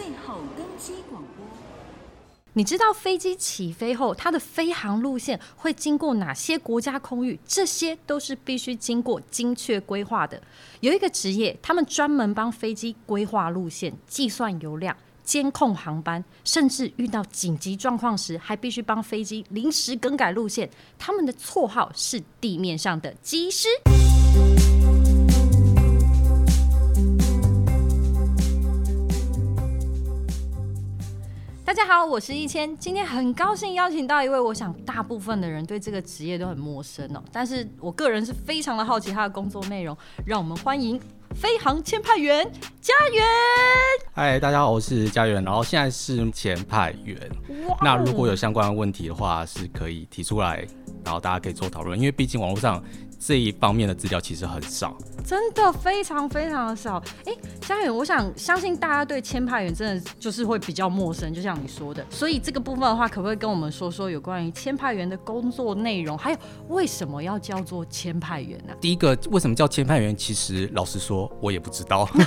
最後，登機廣播。你知道飛機起飛後，它的飛航路線會經過哪些國家空域？這些都是必須經過精確規劃的。有一個職業，他們專門幫飛機規劃路線、計算油量、監控航班，甚至遇到緊急狀況時，還必須幫飛機臨時更改路線。他們的綽號是地面上的機師。大家好，我是一千。今天很高興邀請到一位，我想大部分的人對這個職業都很陌生哦、喔，但是我個人是非常的好奇他的工作內容。讓我們歡迎飛航簽派員佳元。嗨，大家好，我是佳元。然後現在是簽派員。Wow. 那如果有相關的問題的話，是可以提出來，然後大家可以做討論，因為畢竟網絡上。這一方面的資料其實很少，真的非常非常的少。哎、欸，嘉遠，我想相信大家對簽派員真的就是會比較陌生，就像你說的，所以這個部分的話，可不可以跟我們說說有關於簽派員的工作內容，還有為什麼要叫做簽派員呢、啊？第一個，為什麼叫簽派員？其實老實說，我也不知道。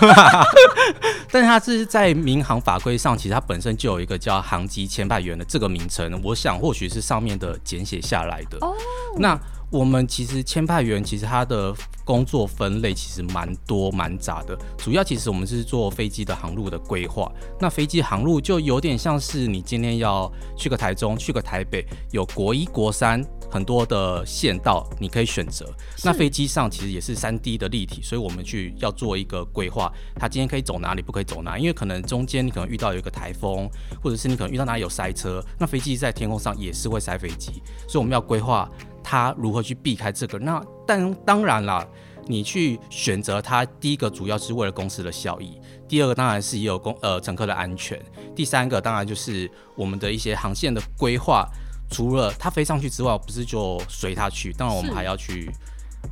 但是他是在民航法規上，其實他本身就有一個叫“航機簽派員”的這個名稱，我想或許是上面的簡寫下來的。哦，oh. 那。我們其實簽派員，其實他的工作分類其實蠻多、蠻雜的。主要其實我們是做飛機的航路的規劃，那飛機航路就有點像是你今天要去個台中，去個台北，有國一、國三。很多的線道你可以選擇。是那飛機上其實也是三 D 的立體，所以我們去要做一個規劃，它今天可以走哪裡，不可以走哪，因為可能中間你可能遇到有一個颱風，或者是你可能遇到哪裡有塞車。那飛機在天空上也是會塞飛機，所以我們要規劃它如何去避開這個。那但當然啦，你去選擇它，第一個主要是為了公司的效益，第二個當然是也有公呃乘客的安全，第三個當然就是我們的一些航線的規劃。除了它飛上去之外，不是就隨它去？當然，我們還要去是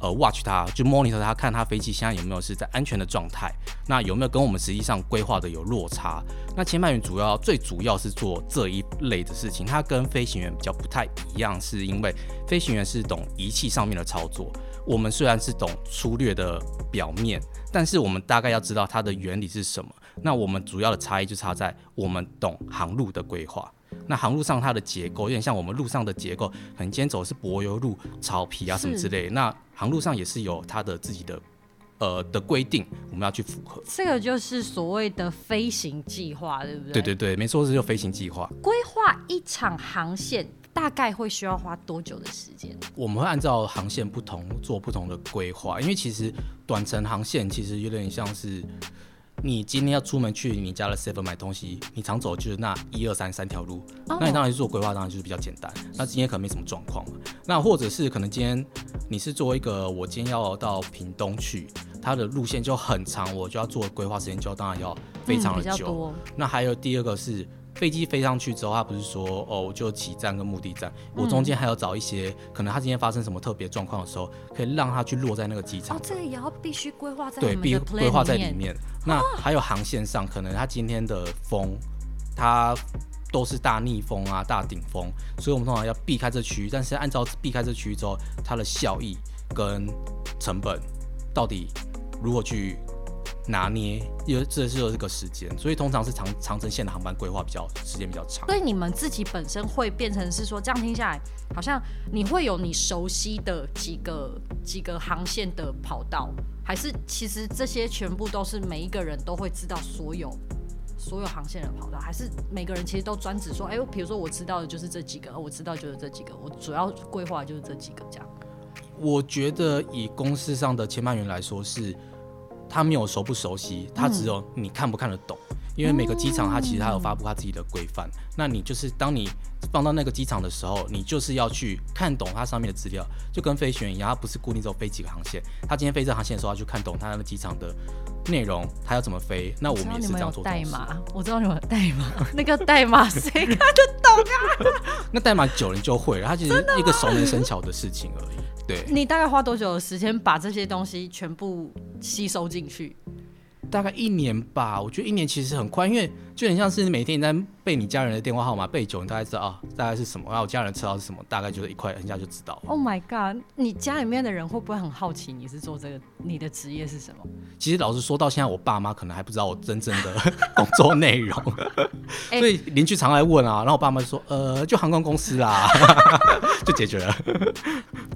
呃 watch 它，就 monitor 它，看它飛機現在有沒有是在安全的狀態，那有沒有跟我們實際上規劃的有落差？那簽派員主要最主要是做這一類的事情，它跟飛行員比較不太一樣，是因為飛行員是懂儀器上面的操作，我們雖然是懂粗略的表面，但是我們大概要知道它的原理是什麼。那我們主要的差異就差在我們懂航路的規劃。那航路上它的結構有點像我們路上的結構，可能今天走的是柏油路、草皮啊什麼之類的。是那航路上也是有它的自己的呃的規定，我們要去符合。這個就是所謂的飛行計劃，對不對？對對對，沒錯，是叫飛行計劃。規劃一場航線大概會需要花多久的時間？我們會按照航線不同做不同的規劃，因為其實短程航線其實有點像是。你今天要出門去你家的 seven 買東西，你常走就是那一二三三條路，oh. 那你當然是做規劃，當然就是比較簡單。那今天可能沒什麼狀況嘛，那或者是可能今天你是做一個我今天要到屏東去，它的路線就很長，我就要做規劃，時間就當然要非常的久。嗯、那還有第二個是。飛機飛上去之後，他不是說哦，我就起站跟目的站，嗯、我中間還要找一些可能他今天發生什麼特別狀況的時候，可以讓他去落在那個機場，哦，這個也要必須規劃在我們的 plan 裡面。對，必規劃在裡面。那還有航線上，可能他今天的風，它都是大逆風啊，大頂風，所以我們通常要避開這區域。但是按照避開這區域之後，它的效益跟成本到底如何去拿捏有，這是有這個時間，所以通常是長長程線的航班規劃比較時間比較長。所以你們自己本身會變成是說，這樣聽下來，好像你會有你熟悉的幾個幾個航線的跑道，還是其實這些全部都是每一個人都會知道所有所有航線的跑道，還是每個人其實都專職說，哎、欸，比如說我知道的就是這幾個，我知道就是這幾個，我主要規劃就是這幾個這樣。我覺得以公司上的簽派員來說是。他沒有熟不熟悉，他只有你看不看得懂。嗯因為每個機場，它其實它有發布它自己的規範。嗯。那你就是當你放到那個機場的時候，你就是要去看懂它上面的資料，就跟飛行員一樣，他不是固定只有飛幾個航線。他今天飛這航線的時候，他去看懂他那個機場的內容，他要怎麼飛。那我們也是這樣做。代碼，我知道什麼代碼， 那個代碼誰看得懂啊？ 那代碼久了就會了，它其實一個熟能生巧的事情而已。對。你大概花多久的時間把這些東西全部吸收進去？大概一年吧，我覺得一年其實很快，因為。就很像是你每天你在背你家人的電話號碼，背久你大概知道啊、哦，大概是什麼，然後我家人吃到是什麼，大概就是一塊人家就知道。Oh my god！你家裡面的人會不會很好奇你是做這個，你的職業是什麼？其實老實說，到現在我爸媽可能還不知道我真正的 工作內容。 欸、所以鄰居常來問啊，然後我爸媽說：“呃，就航空公司啊， 就解決了。”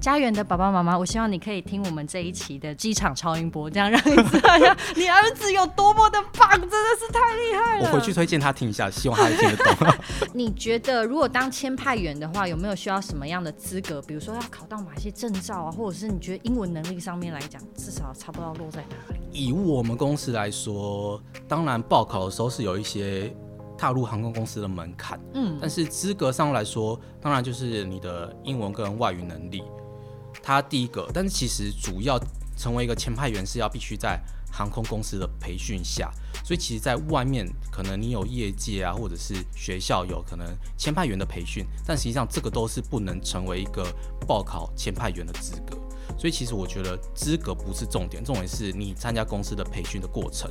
家園的爸爸媽媽，我希望你可以聽我們這一期的機場超音波，這樣讓你知道一下你兒子有多麼的棒，真的是太厲害了。我回去。推薦他聽一下，希望他聽得懂。 你覺得如果當簽派員的話，有沒有需要什麼樣的資格？比如說要考到哪些證照啊，或者是你覺得英文能力上面來講，至少差不多落在哪裡？以我們公司來說，當然報考的時候是有一些踏入航空公司的門檻，嗯，但是資格上來說，當然就是你的英文跟外語能力，他第一個。但是其實主要成為一個簽派員是要必須在。航空公司的培訓下，所以其實，在外面可能你有業界啊，或者是學校有可能簽派員的培訓，但實際上這個都是不能成為一個報考簽派員的資格。所以其實我覺得資格不是重點，重點是你參加公司的培訓的過程。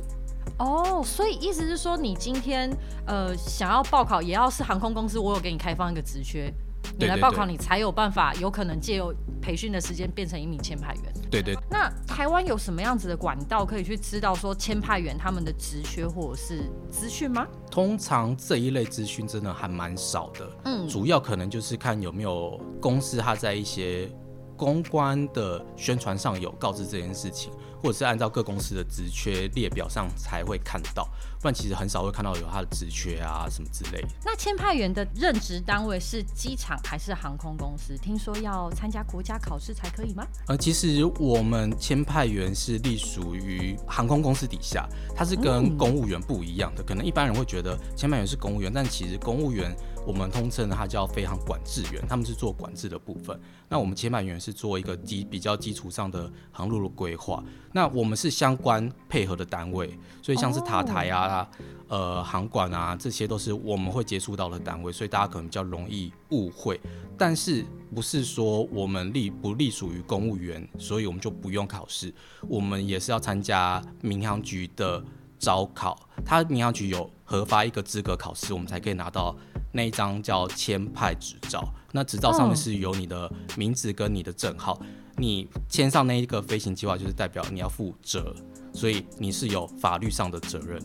哦，oh, 所以意思是說，你今天呃想要報考也要是航空公司，我有給你開放一個職缺。你來報考，你才有辦法，有可能借由培訓的時間變成一名簽派員。對，對對。那台灣有什麼樣子的管道可以去知道說簽派員他們的職缺或者是資訊嗎？通常這一類資訊真的還蠻少的。嗯，主要可能就是看有沒有公司他在一些公關的宣傳上有告知這件事情，或者是按照各公司的職缺列表上才會看到。但其實很少會看到有他的職缺啊，什麼之類的。那簽派員的任職單位是機場還是航空公司？聽說要參加國家考試才可以嗎？呃，其實我們簽派員是隸屬於航空公司底下，它是跟公務員不一樣的。嗯、可能一般人會覺得簽派員是公務員，但其實公務員我們通稱它叫飛航管制員，他們是做管制的部分。那我們簽派員是做一個基比較基礎上的航路的規劃。那我們是相關配合的單位，所以像是塔台啊。哦啊，呃，航管啊，這些都是我們會接觸到的單位，所以大家可能比較容易誤會。但是不是說我們隸不隸屬於公務員，所以我們就不用考試。我們也是要參加民航局的招考。他民航局有核發一個資格考試，我們才可以拿到那一張叫簽派執照。那執照上面是有你的名字跟你的證號，你簽上那一個飛行計劃，就是代表你要負責，所以你是有法律上的責任。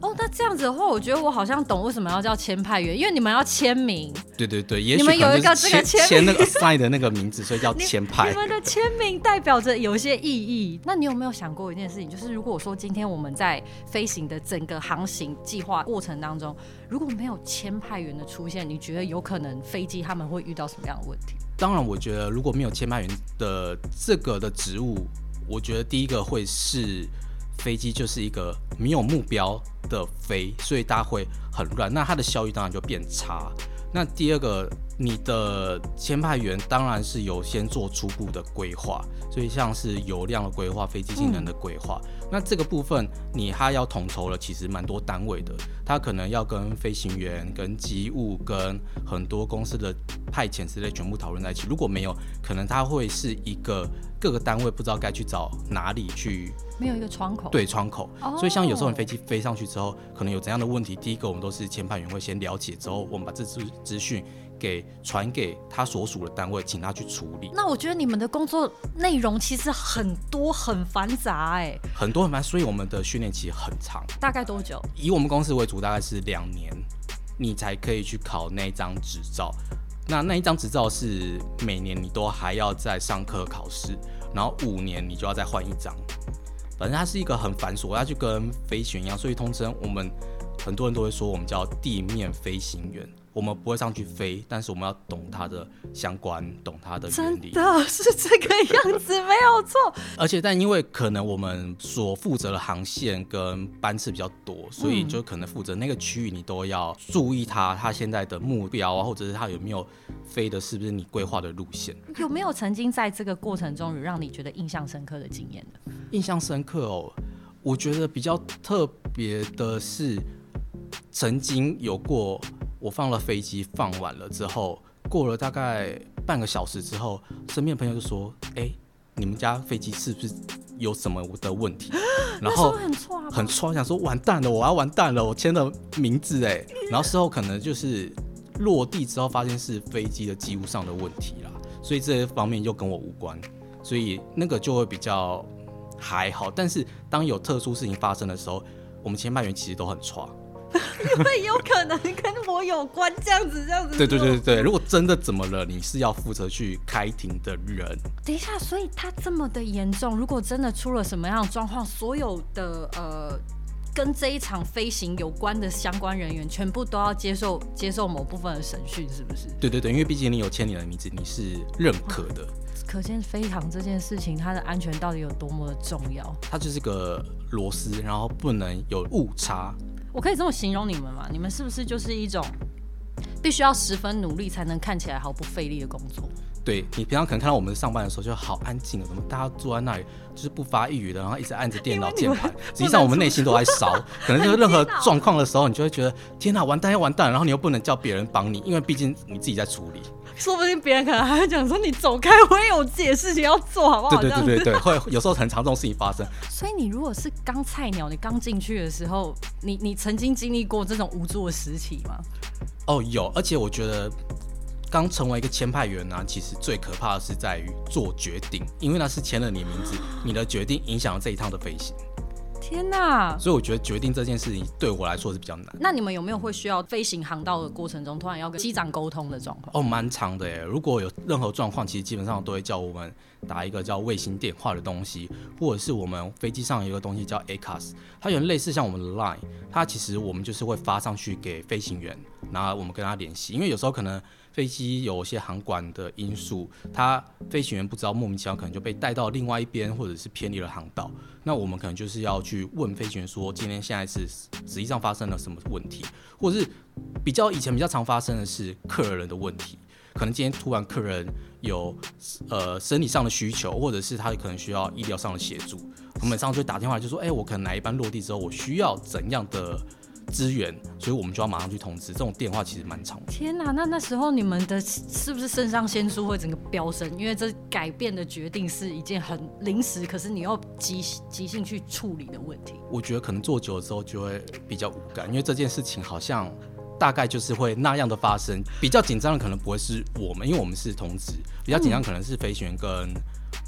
哦，那這樣子的話，我覺得我好像懂為什麼要叫簽派員，因為你們要簽名。對對對，你們有一個這個簽那個 sign 的那個名字， 所以叫簽派員。你，你們的簽名代表着有些意義。那你有沒有想過一件事情，就是如果我說今天我們在飛行的整個航行計劃過程當中，如果沒有簽派員的出現，你覺得有可能飛機他們會遇到什麼樣的問題？當然，我覺得如果沒有簽派員的這個的職務，我覺得第一個會是。飛機就是一個沒有目標的飛，所以它會很亂，那它的效率當然就變差。那第二個，你的簽派員當然是有先做初步的規劃，所以像是油量的規劃、飛機性能的規劃，嗯、那這個部分你還要統籌了，其實蠻多單位的，他可能要跟飛行員、跟機務、跟很多公司的派遣之類全部討論在一起。如果沒有，可能它會是一個。各個單位不知道該去找哪裡去，沒有一個窗口對窗口。oh. 所以像有時候你飛機飛上去之後，可能有怎樣的問題，第一個我們都是簽派員會先了解之後，我們把這組資訊給傳給他所屬的單位，請他去處理。那我覺得你們的工作內容其實很多很繁雜，哎、欸，很多很煩。所以我們的訓練期很長。大概多久？以我們公司為主，大概是兩年，你才可以去考那張執照。那那一張執照是每年你都還要再上課考試，然後五年你就要再換一張，反正它是一個很繁瑣，它就跟飛行員一樣，所以通稱我們很多人都會說我們叫地面飛行員。我們不會上去飛，但是我們要懂它的相關，懂它的原理，真的是這個樣子， 沒有錯。而且，但因為可能我們所負責的航線跟班次比較多，所以就可能負責那個區域，你都要注意它，它現在的目標啊，或者是它有沒有飛的，是不是你規劃的路線？有沒有曾經在這個過程中讓你覺得印象深刻的經驗呢？印象深刻哦，我覺得比較特別的是，曾經有過。我放了飛機，放完了之後，過了大概半個小時之後，身邊朋友就說：“哎、欸，你們家飛機是不是有什麼的問題？”啊、然後很挫，想說完蛋了，我要完蛋了，我簽了名字哎。然後事後可能就是落地之後發現是飛機的機務上的問題啦，所以這些方面就跟我無關，所以那個就會比較還好。但是當有特殊事情發生的時候，我們簽派員其實都很挫。 因為有可能跟我有關，這樣子，這樣子。對對對對，如果真的怎麼了，你是要負責去開庭的人。等一下，所以他這麼的嚴重，如果真的出了什麼樣的狀況，所有的呃跟這一場飛行有關的相關人員，全部都要接受接受某部分的審訊，是不是？對對對，因為畢竟你有簽你的名字，你是認可的。可見飛航這件事情，它的安全到底有多麼的重要。它就是個螺絲，然後不能有誤差。我可以這麼形容你們嗎？你們是不是就是一種必須要十分努力才能看起來毫不費力的工作？對你平常可能看到我們上班的時候，就好安靜啊，怎麼大家坐在那裡就是不發一語的，然後一直按着電腦鍵盤？實際上我們內心都在燒， 可能就是任何狀況的時候，你就會覺得天哪，完蛋，要完蛋，然後你又不能叫別人幫你，因為畢竟你自己在處理。說不定別人可能還會講說，你走開，我也有自己的事情要做好不好？對對對對，這樣子，會有時候很常這種事情發生。所以你如果是剛菜鳥，你剛進去的時候，你你曾經經歷過這種無助的時期嗎？哦，有，而且我覺得剛成為一個簽派員呢、啊，其實最可怕的是在於做決定，因為那是簽了你的名字，你的決定影響了這一趟的飛行。天吶！所以我覺得決定這件事情對我來說是比較難。那你們有沒有會需要飛行航道的過程中突然要跟機長溝通的狀況？哦，蠻長的耶。如果有任何狀況，其實基本上都會叫我們。打一個叫衛星電話的東西，或者是我們飛機上有一個東西叫 ACARS，它有點類似像我們的 Line，它其實我們就是會發上去給飛行員，然後我們跟他聯繫，因為有時候可能飛機有些航管的因素，他飛行員不知道莫名其妙可能就被帶到另外一邊，或者是偏離了航道，那我們可能就是要去問飛行員說今天現在是實際上發生了什麼問題，或者是比較以前比較常發生的是客人的問題。可能今天突然客人有呃生理上的需求，或者是他可能需要醫療上的協助，我是們上次就會打電話就說，哎、欸，我可能哪一班落地之後，我需要怎樣的資源，所以我們就要馬上去通知。這種電話其實蠻常。天吶、啊。那那時候你們的是不是腎上腺素會整個飆升？因為這改變的決定是一件很臨時，可是你要急急性去處理的問題。我覺得可能做久了之後就會比較無感，因為這件事情好像。大概就是會那樣的發生，比較緊張的可能不會是我們，因為我們是同職，比較緊張可能是飛行員跟、嗯、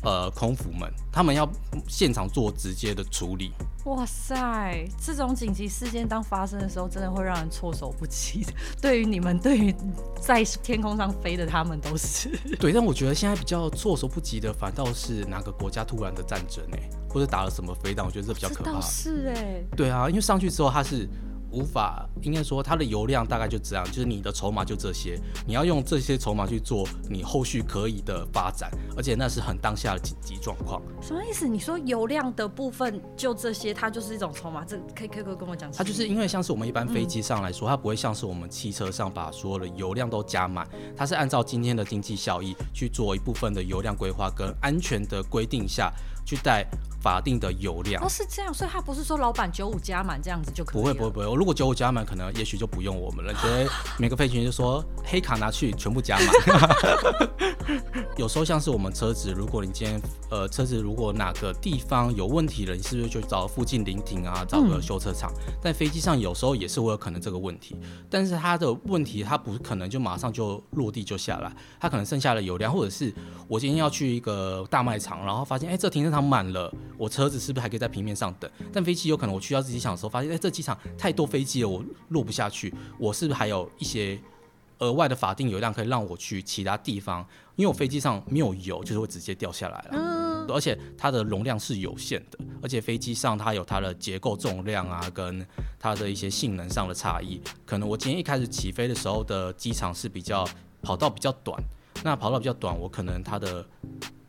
呃空服們，他們要現場做直接的處理。哇塞，這種緊急事件當發生的時候，真的會讓人措手不及的。對於你們，對於在天空上飛的他們都是。對，但我覺得現在比較措手不及的，反倒是哪個國家突然的戰爭哎、欸，或者打了什麼飛彈，我覺得這比較可怕。是哎、欸、嗯。對啊，因為上去之後他是。無法，應該說它的油量大概就這樣，就是你的籌碼就這些，你要用這些籌碼去做你後續可以的發展，而且那是很當下的緊急狀況。什麼意思？你說油量的部分就這些，它就是一種籌碼，這可以可以，可以跟我講。它就是因為像是我們一般飛機上來說，嗯，它不會像是我們汽車上把所有的油量都加滿，它是按照今天的經濟效益去做一部分的油量規劃跟安全的規定下去帶。法定的油量哦，是這樣，所以他不是說老闆九五加滿這樣子就可以。不會不會不會，如果九五加滿，可能也許就不用我們了。所以每個飛行員就說黑卡拿去全部加滿。 有時候像是我們車子，如果你今天呃車子如果哪個地方有問題了，你是不是就找附近臨停啊，找個修車廠？在、嗯、飛機上有時候也是會有可能這個問題，但是他的問題他不可能就馬上就落地就下來，他可能剩下的油量，或者是我今天要去一個大賣場，然後發現哎、欸、這停車場滿了。我車子是不是還可以在平面上等？但飛機有可能我去到自己想的時候，發現哎、欸，這機場太多飛機了，我落不下去。我是不是還有一些額外的法定油量可以讓我去其他地方？因為我飛機上沒有油，就是會直接掉下來了。嗯、而且它的容量是有限的，而且飛機上它有它的結構重量啊，跟它的一些性能上的差異。可能我今天一開始起飛的時候的機場是比較跑道比較短，那跑道比較短，我可能它的。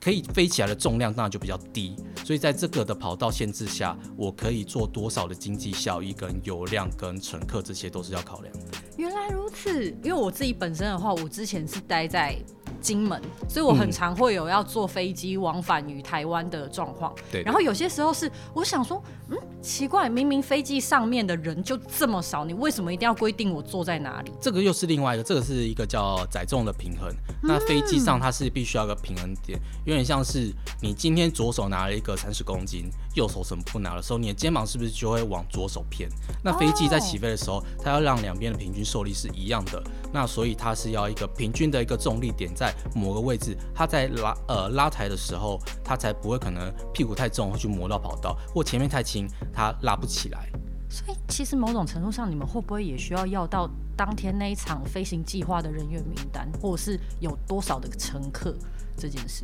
可以飛起來的重量當然就比較低，所以在這個的跑道限制下，我可以做多少的經濟效益、跟油量、跟乘客，這些都是要考量的。原來如此，因為我自己本身的話，我之前是待在。金門，所以我很常會有要坐飛機往返於台灣的狀況，嗯。對，對，然後有些時候是我想說，嗯，奇怪，明明飛機上面的人就這麼少，你為什麼一定要規定我坐在哪裡？這個又是另外一個，這個是一個叫載重的平衡。嗯、那飛機上它是必須要一個平衡點，有點像是你今天左手拿了一個三十公斤，右手怎麼不拿的時候，你的肩膀是不是就會往左手偏？那飛機在起飛的時候，哦、它要讓兩邊的平均受力是一樣的，那所以它是要一個平均的一個重力點在。某個位置，它在拉呃拉抬的時候，它才不會可能屁股太重會去磨到跑道，或前面太輕它拉不起來。所以其實某種程度上，你們會不會也需要要到當天那一場飛行計劃的人員名單，或是有多少的乘客這件事？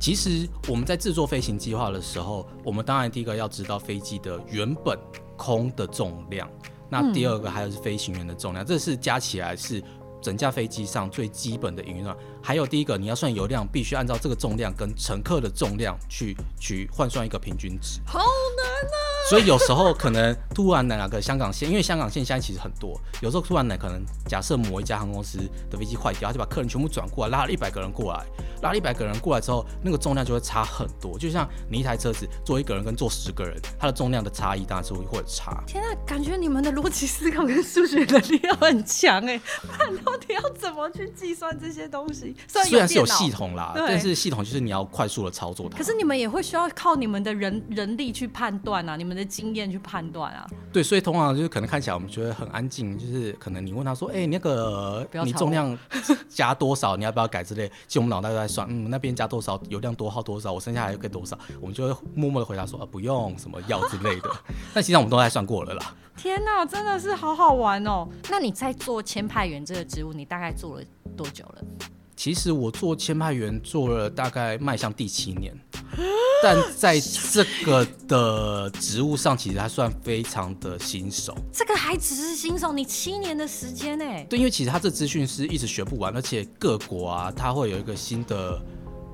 其實我們在制作飛行計劃的時候，我們當然第一個要知道飛機的原本空的重量，那第二個還有是飛行員的重量，嗯、這是加起來是。整架飛機上最基本的營運量，還有第一個你要算油量，必須按照這個重量跟乘客的重量去去換算一個平均值，好難啊。 所以有時候可能突然來那個香港線，因為香港線現在其實很多，有時候突然來可能假設某一家航空公司的飛機壞掉，他就把客人全部轉過來，拉了一百個人過來，拉了一百個人過來之後，那個重量就會差很多。就像你一台車子坐一個人跟坐十個人，它的重量的差異當然是會差。天吶、啊，感覺你們的邏輯思考跟數學能力要很強哎、欸，不然到底要怎麼去計算這些東西？雖然有電腦，雖然是有系統啦，對但是系統就是你要快速的操作它。可是你們也會需要靠你們的人人力去判斷啊，你們。的經驗去判斷啊，對，所以通常就是可能看起來我們覺得很安靜，就是可能你問他說，哎、欸，你那個你重量 加多少，你要不要改之類，其實我們腦袋都在算，嗯，那邊加多少，油量多耗多少，我剩下來又給多少，我們就會默默的回答說啊，不用什麼藥之類的。但 其實我們都還算過了啦。天哪，真的是好好玩哦！那你在做簽派員這個職務，你大概做了多久了？其實我做簽派員做了大概邁向第七年，但在這個的職務上，其實還算非常的新手。這個還只是新手，你七年的時間哎。對，因為其實他這資訊是一直學不完，而且各國啊，他會有一個新的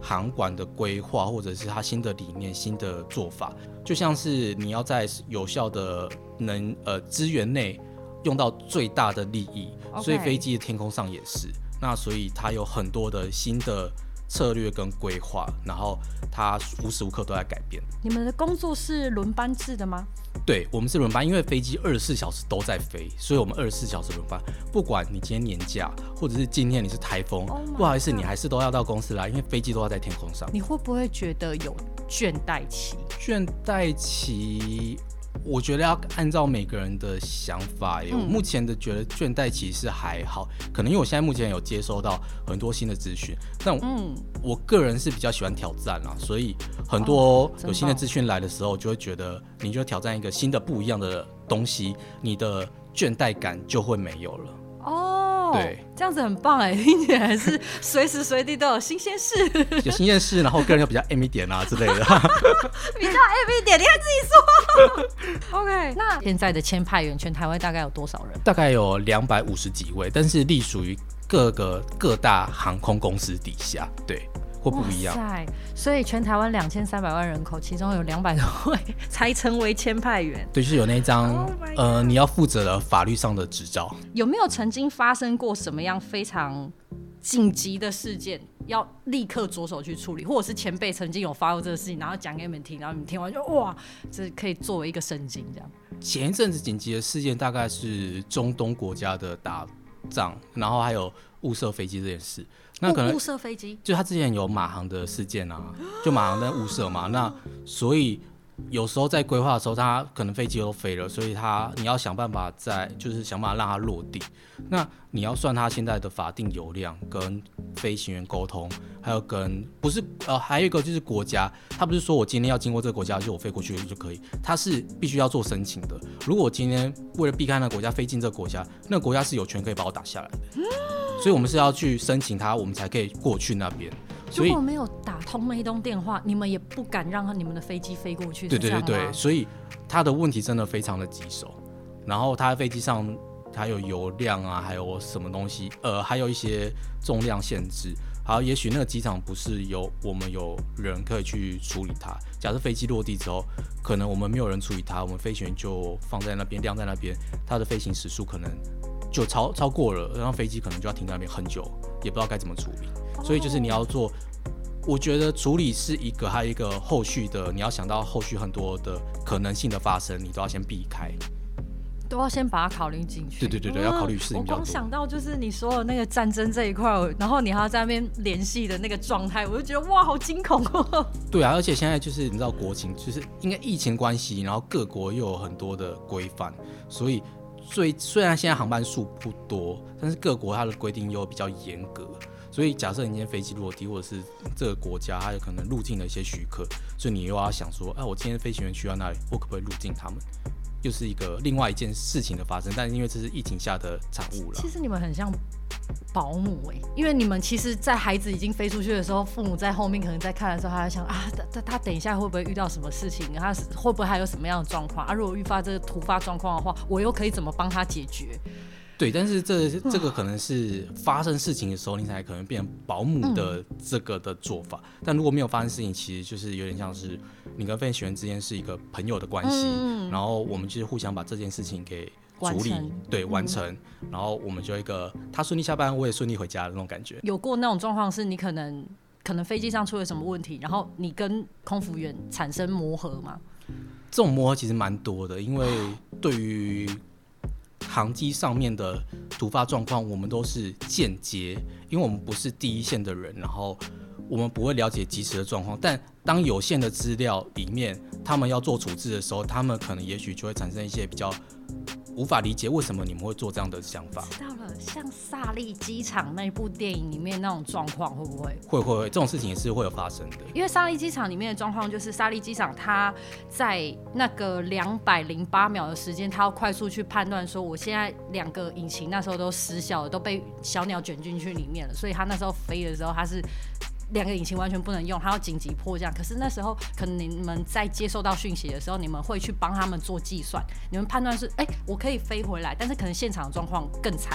航管的規劃，或者是他新的理念、新的做法。就像是你要在有效的能呃資源內用到最大的利益，Okay. 所以飛機的天空上也是。那所以他有很多的新的策略跟規劃，然後他無時無刻都在改變。你們的工作是輪班制的嗎？對，我們是輪班，因為飛機二十四小時都在飛，所以我們二十四小時輪班。不管你今天年假，或者是今天你是颱風，oh、不好意思，你還是都要到公司來，因為飛機都要在天空上。你會不會覺得有倦怠期？倦怠期。我覺得要按照每個人的想法，有目前的覺得倦怠其實還好，可能因為我現在目前有接收到很多新的資訊，但嗯，我個人是比較喜歡挑戰啊。所以很多有新的資訊來的時候，就會覺得你就挑戰一個新的不一樣的東西，你的倦怠感就會沒有了。對，這樣子很棒哎，聽起來是隨時隨地都有新鮮事，有新鮮事，然後個人又比較 M 一點啊之類的， 比較 M 一點，你還自己說 ，OK？那現在的簽派員全台灣大概有多少人？大概有兩百五十幾位，但是隸屬於各個各大航空公司底下，對。不一樣，所以全台灣兩千三百萬人口，其中有兩百多位才成為簽派員。對，就是有那張，oh、呃，你要負責的法律上的執照。有沒有曾經發生過什麼樣非常緊急的事件，要立刻着手去處理？或者是前輩曾經有發生這個事情，然後講給你們聽，然後你們聽完就哇，這可以作為一個聖經這樣。前一陣子緊急的事件大概是中東國家的打仗，然後還有誤射飛機這件事。那可能就他之前有馬航的事件啊，就馬航在誤射嘛，那所以。有時候在規劃的時候，它可能飛機都飛了，所以它你要想辦法在，就是想辦法讓它落地。那你要算它現在的法定油量，跟飛行員溝通，還有跟不是呃，還有一個就是國家，它不是說我今天要經過這個國家就我飛過去就可以，它是必須要做申請的。如果今天為了避開那個國家飛進這個國家，那個國家是有權可以把我打下來的，所以我們是要去申請它，我們才可以過去那邊。如果沒有打通那一通電話，你們也不敢讓你們的飛機飛過去，對對對對，所以他的問題真的非常的棘手。然後他的飛機上還有油量啊，還有什麼東西？呃，還有一些重量限制。好，也許那個機場不是有我們有人可以去處理它。假設飛機落地之後，可能我們沒有人處理它，我們飛行員就放在那邊晾在那邊，他的飛行時速可能就超超過了，然後飛機可能就要停在那邊很久，也不知道該怎麼處理。Oh. 所以就是你要做，我覺得處理是一個，還有一個後續的，你要想到後續很多的可能性的發生，你都要先避開，都要先把它考慮進去。對對對對，oh. 要考慮事情比較多。我光想到就是你說的那個戰爭這一塊，然後你還要在那邊聯繫的那個狀態，我就覺得哇，好驚恐哦、啊。對啊，而且現在就是你知道國情，就是因為疫情關係，然後各國又有很多的規範，所以。所以雖然現在航班數不多，但是各國它的規定又比較嚴格，所以假設你今天飛機落地，或者是這個國家它有可能入境的一些許可，所以你又要想說，哎，我今天飛行員去到哪裡，我可不可以入境他們？就是一個另外一件事情的發生，但因為這是疫情下的產物了。其實你們很像保姆誒、欸，因為你們其實，在孩子已經飛出去的時候，父母在後面可能在看的時候他，他在想啊，他他他等一下會不會遇到什麼事情？他會不會還有什麼樣的狀況啊？如果遇發這個突發狀況的話，我又可以怎麼幫他解決？對，但是這這個可能是發生事情的時候，你才可能變保姆的這個的做法。嗯、但如果沒有發生事情，其實就是有點像是你跟飛行員之間是一個朋友的關係，嗯、然後我們就是互相把這件事情給處理，完成，對，完成。嗯、然後我們就一個他順利下班，我也順利回家的那種感覺。有過那種狀況，是你可能可能飛機上出了什麼問題，然後你跟空服員產生磨合嗎？嗯、這種磨合其實蠻多的，因為對於。航機上面的突發狀況，我們都是間接，因為我們不是第一線的人，然後我們不會了解即時的狀況。但當有限的資料裡面，他們要做處置的時候，他們可能也許就會產生一些比較。無法理解為什麼你們會做這樣的想法？知道了，像薩利機場那部電影裡面那種狀況，會不會？會會會，這種事情也是會有發生的。因為薩利機場裡面的狀況就是，薩利機場他在那個兩百零八秒的時間，他要快速去判斷說，我現在兩個引擎那時候都失效了，都被小鳥捲進去裡面了，所以他那時候飛的時候他是。兩個引擎完全不能用，它要緊急迫降。可是那時候，可能你們在接收到訊息的時候，你們會去幫他們做計算，你們判斷是：哎、欸，我可以飛回來，但是可能現場的狀況更慘。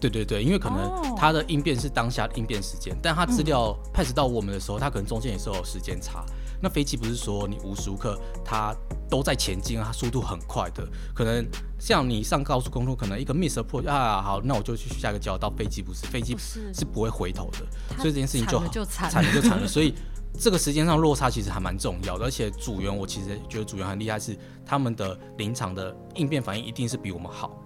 對對對，因為可能他的應變是當下的應變時間，哦、但他資料 pass 到我們的時候，他可能中間也是有時候時間差。那飛機不是說你無時無刻它都在前進啊，它速度很快的。可能像你上高速公路，可能一個 miss a point 啊，好，那我就去下個交道。飛機不是，飛機是不會回頭的，哦、所以這件事情就就慘了就慘了，了，了。所以這個時間上落差其實還蠻重要的。而且組員，我其實覺得組員很厲害是，是他們的臨場的應變反應一定是比我們好。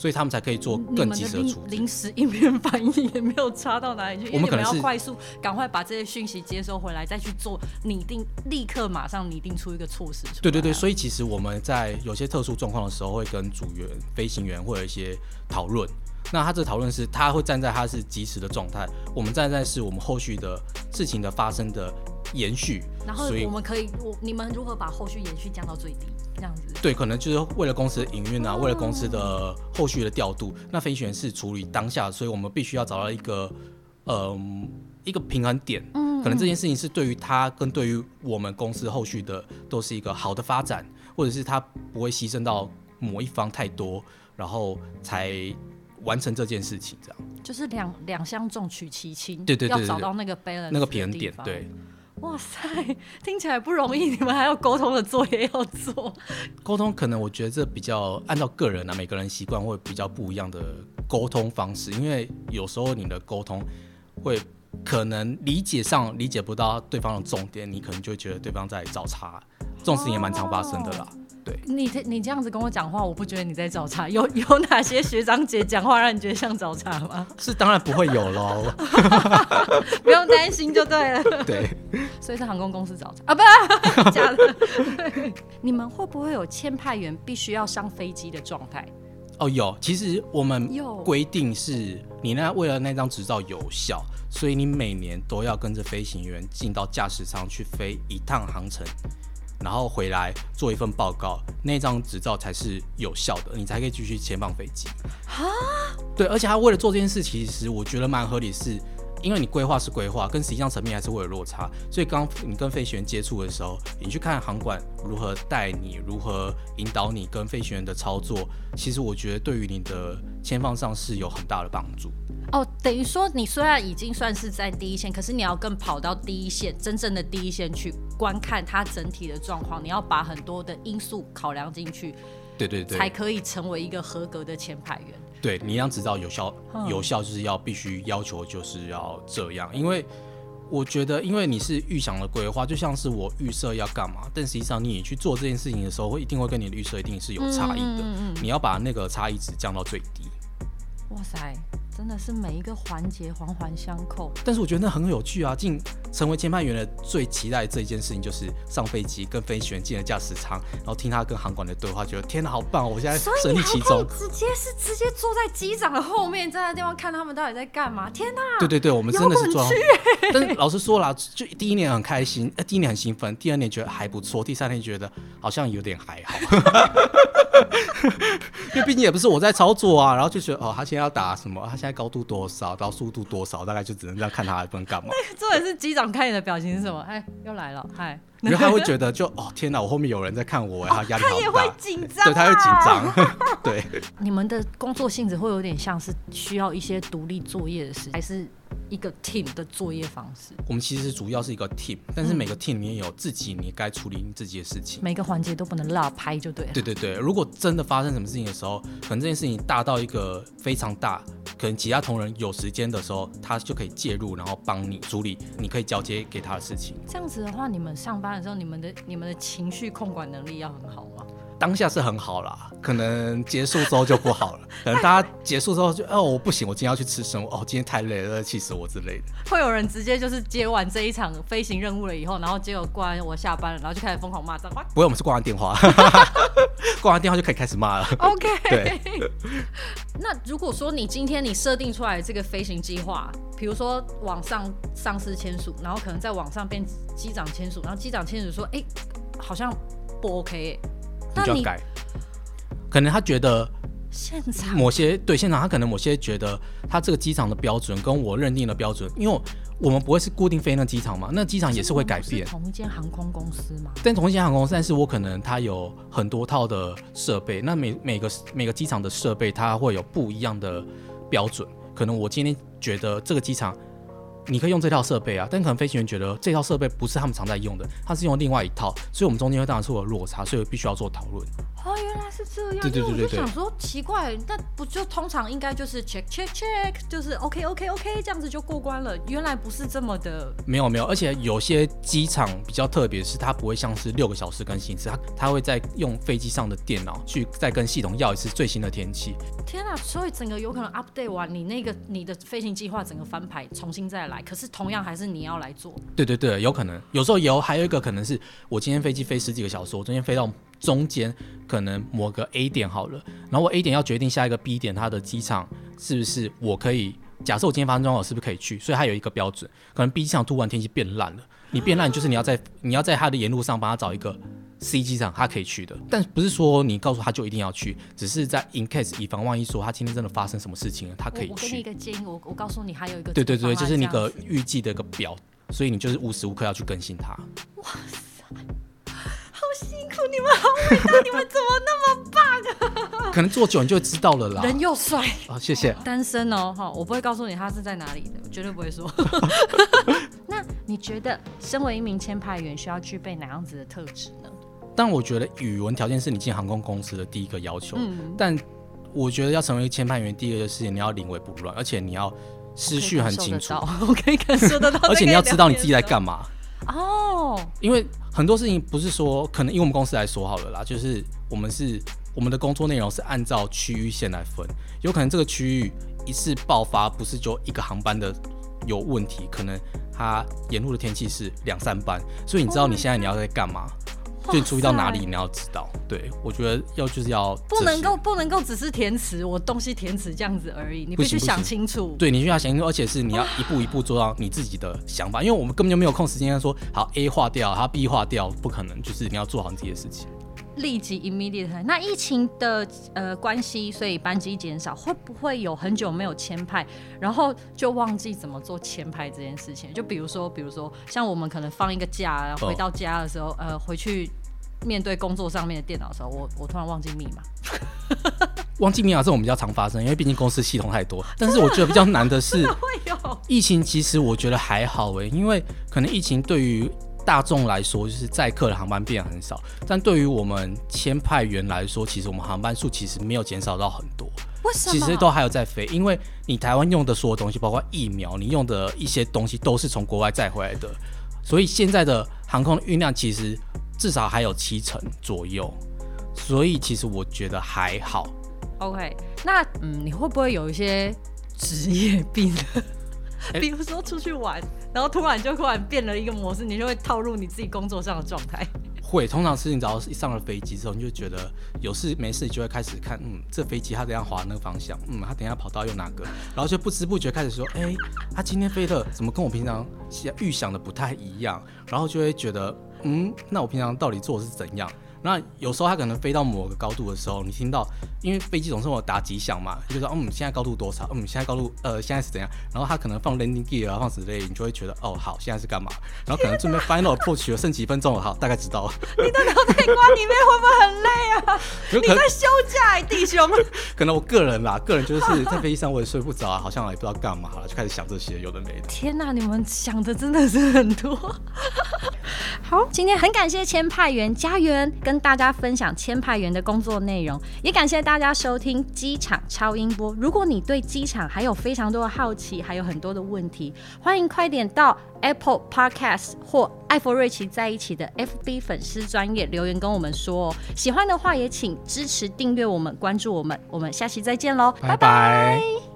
所以他們才可以做更及時的處理。臨時應變反應也沒有差到哪裡去，因為我們可能要快速，趕快把這些訊息接收回來，再去做擬定，立刻馬上擬定出一個措施。對對對，所以其實我們在有些特殊狀況的時候，會跟組員、飛行員會有一些討論。那他這討論是，他會站在他是即時的狀態，我們站在是我們後續的事情的發生的延續。然後，我們可以，所以，我你們如何把後續延續降到最低？這樣子，對，可能就是為了公司的營運啊，嗯、為了公司的後續的調度，那飛行員是處理當下，所以我們必須要找到一個，嗯、呃、一個平衡點。嗯、嗯，可能這件事情是對於他跟對於我們公司後續的都是一個好的發展，或者是他不會犧牲到某一方太多，然後才完成這件事情，這樣。就是兩兩相中取其輕，對對對、嗯、要找到那個平衡那個平衡點，對。哇塞，聽起來不容易。你們還有溝通的作業要做？溝通可能我覺得這比較按照個人啊，每個人習慣會比較不一樣的溝通方式。因為有時候你的溝通會可能理解上理解不到對方的重點，你可能就會覺得對方在找茬。這種事情也蠻常發生的啦。哦、對，你你這樣子跟我講話，我不覺得你在找茬。有有哪些學長姐講話讓你覺得像找茬嗎？是當然不會有嘍，不用擔心就對了。對，所以是航空公司找茬啊？不， 假的。 你們會不會有簽派員必須要上飛機的狀態？哦，有。其實我們有規定，是你那為了那張執照有效，所以你每年都要跟着飛行員進到駕駛艙去飛一趟航程。然後回來做一份報告，那張執照才是有效的，你才可以繼續簽放飛機。蛤對，而且他為了做這件事，其實我覺得蠻合理的，是因為你規劃是規劃，跟實際上層面還是會有落差，所以剛剛你跟飛行員接觸的時候，你去看航管如何帶你，如何引導你跟飛行員的操作，其實我覺得對於你的簽放上是有很大的幫助。哦，等於說你雖然已經算是在第一線，可是你要更跑到第一線，真正的第一線去觀看它整體的狀況，你要把很多的因素考量進去，對對對，才可以成為一個合格的簽派員。對，你要知道有效，有效就是要必須要求就是要這樣，哼因為我覺得，因為你是預想的規劃，就像是我預設要幹嘛，但實際上你去做這件事情的時候，會一定會跟你的預設一定是有差異的，嗯嗯嗯嗯，你要把那個差異值降到最低。哇塞！真的是每一個環節環環相扣，但是我覺得那很有趣啊！竟成為簽派員的最期待的這一件事情就是上飛機，跟飛行員進了駕駛艙，然後聽他跟航管的對話，覺得天哪、啊，好棒！我現在身歷其境。直接是直接坐在機長的後面，站在地方看他們到底在幹嘛。天哪、啊！對對對，我們真的是裝，但是老實說了，就第一年很開心，第一年很興奮，第二年覺得還不錯，第三年覺得好像有點還好， 因為畢竟也不是我在操作啊。然後就覺得哦，他現在要打什麼？現在高度多少，到速度多少，大概就只能這樣看他，還不能幹嘛。這也 是機長看你的表情是什麼？哎，又來了，哎， 因為他會覺得就哦，天哪，我後面有人在看我，哦、他壓力好大。他也會緊張、啊，對，他會緊張， 對。你們的工作性質會有點像是需要一些獨立作業的事，還是？一個 team 的作業方式，我們其實主要是一個 team，但是每個 team 裡面有自己，你該處理你自己的事情，嗯、每個環節都不能落拍，就對了。對對對，如果真的發生什麼事情的時候，可能這件事情大到一個非常大，可能其他同仁有時間的時候，他就可以介入，然後幫你處理，你可以交接給他的事情。這樣子的話，你們上班的時候，你們的你們的情緒控管能力要很好嗎？當下是很好了，可能結束之後就不好了。 可能大家結束之後就 哦，我不行，我今天要去吃什麼？哦，今天太累了，氣死我之類的。會有人直接就是接完這一場飛行任務了以後，然後結果掛完我下班了，然後就開始瘋狂罵髒話。不會，我們是掛完電話，掛 完電話就可以開始罵了。OK，對。 那如果說你今天你設定出來這個飛行計劃，比如說往上上司簽署，然後可能再往上被機長簽署，然後機長簽署說，哎、欸，好像不 OK、欸。你改，可能他覺得現場某些對現場，他可能某些覺得他這個機場的標準跟我認定的標準，因為我們不會是固定飛那機場嘛，那機場也是會改變。同一間航空公司嘛，但同一間航空公司，但是我可能他有很多套的設備，那每每個每個機場的設備，它會有不一樣的標準。可能我今天覺得這個機場。你可以用這套設備啊，但可能飛行員覺得這套設備不是他們常在用的，他是用另外一套，所以我們中間會當然出了落差，所以我必須要做討論。原來是這樣的，我就想說奇怪，那不就通常應該就是 check check check，就是 OK OK OK，這樣子就過關了。原來不是這麼的。沒有沒有，而且有些機場比較特別，是它不會像是六個小時更新一次，它它會再用飛機上的電腦去再跟系統要一次最新的天氣。天啊，所以整個有可能 update 完你那個你的飛行計劃，整個翻牌重新再來，可是同樣還是你要來做。對對對，有可能，有時候有還有一個可能是，我今天飛機飛十幾個小時，我中間飛到。中間可能某個 A 點好了，然後我 A 點要決定下一個 B 點，它的機場是不是我可以？假設我今天發生狀況，我是不是可以去？所以它有一個標準，可能 B 機場突然天氣變爛了，你變爛就是你要在你要在它的沿路上幫他找一個 C 機場，他可以去的。但不是說你告訴他就一定要去，只是在 in case 以防萬一說他今天真的發生什麼事情了，他可以去。我給你一個建議，我我告訴你還有一個對對對，就是那個預計的一個表，所以你就是無時無刻要去更新它。哇塞！好辛苦你們好，好偉大。你們怎麼那麼棒？u、啊、可能做久你就知道了啦。人又帥，啊、哦、謝謝。單身哦，哈、哦，我不會告訴你他是在哪裡的，我絕對不會說。 那你覺得身為一名簽派員需要具備哪樣子的特質呢？但我覺得語文條件是你進航空公司的第一個要求。嗯。但我覺得要成為簽派員，第二個事情你要臨危不亂，而且你要思緒很清楚。我可以感受得到。 而且你要知道你自己在幹嘛。哦，oh. 因為很多事情不是說可能，因為我們公司來說好了啦，就是我們是我們的工作內容是按照區域線來分，有可能這個區域一次爆發不是就一個航班的有問題，可能它沿路的天氣是兩三班，所以你知道你現在你要在幹嘛？Oh. 最注意到哪裡？你要知道，塞對我覺得要就是要不能夠不能夠只是填詞，我東西填詞這樣子而已。你必須想清楚，對，你需要想清楚，而且是你要一步一步做到你自己的想法。哇因為我們根本就沒有空時間說，好 A 畫掉，他 B 畫掉，不可能。就是你要做好自己的事情。立即 immediate。那疫情的呃關係，所以班機減少，會不會有很久沒有簽派，然後就忘記怎麼做簽派這件事情？就比如說，比如說像我們可能放一個假，然後回到家的時候，哦、呃，回去。面對工作上面的電腦的時候，我我突然忘記密碼， 忘記密碼是我們比較常發生，因為畢竟公司系統太多。但是我覺得比較難的是， 真的會有？疫情，其實我覺得還好哎、欸，因為可能疫情對於大眾來說，就是載客的航班變很少，但對於我們簽派員來說，其實我們航班數其實沒有減少到很多。為什麼？其實都還有在飛，因為你台灣用的所有東西，包括疫苗，你用的一些東西都是從國外載回來的，所以現在的航空的運量其實。至少還有七成左右，所以其實我覺得還好。OK，那嗯，你會不會有一些職業病？欸、比如說出去玩，然後突然就突然變了一個模式，你就會套入你自己工作上的狀態。會，通常事情只要一上了飛機之後，你就覺得有事沒事，你就會開始看，嗯，這飛機它怎樣滑那個方向，嗯，它等下跑道用哪個，然後就不知不覺開始說，哎、欸，它、啊、今天飛的怎麼跟我平常預想的不太一樣，然後就會覺得。嗯，那我平常到底做的是怎樣？那有時候他可能飛到某個高度的時候，你聽到，因為飛機總是會打幾響嘛，就說嗯，哦、現在高度多少？嗯、哦，現在高度呃，現在是怎樣？然後他可能放 landing gear 啊，放之類，你就會覺得哦，好，現在是幹嘛？然後可能準備 final approach 了，啊，剩幾分鐘了，好，大概知道了。你的腦袋瓜裡面會不會很累啊？能你在休假、欸、弟兄。可能我個人啦，個人就是在飛機上我也睡不着啊，好像也不知道幹嘛了，就開始想這些，有的沒的。天哪，啊，你們想的真的是很多。 好，今天很感謝簽派員家園跟大家分享簽派員的工作內容，也感謝大家收聽《機場超音波》。如果你對機場還有非常多的好奇，還有很多的問題，歡迎快點到 Apple Podcast 或艾弗瑞淇在一起的 FB 粉絲專頁留言跟我們說、哦。喜歡的話也請支持訂閱我們，關注我們，我們下期再見嘍，拜拜。拜拜。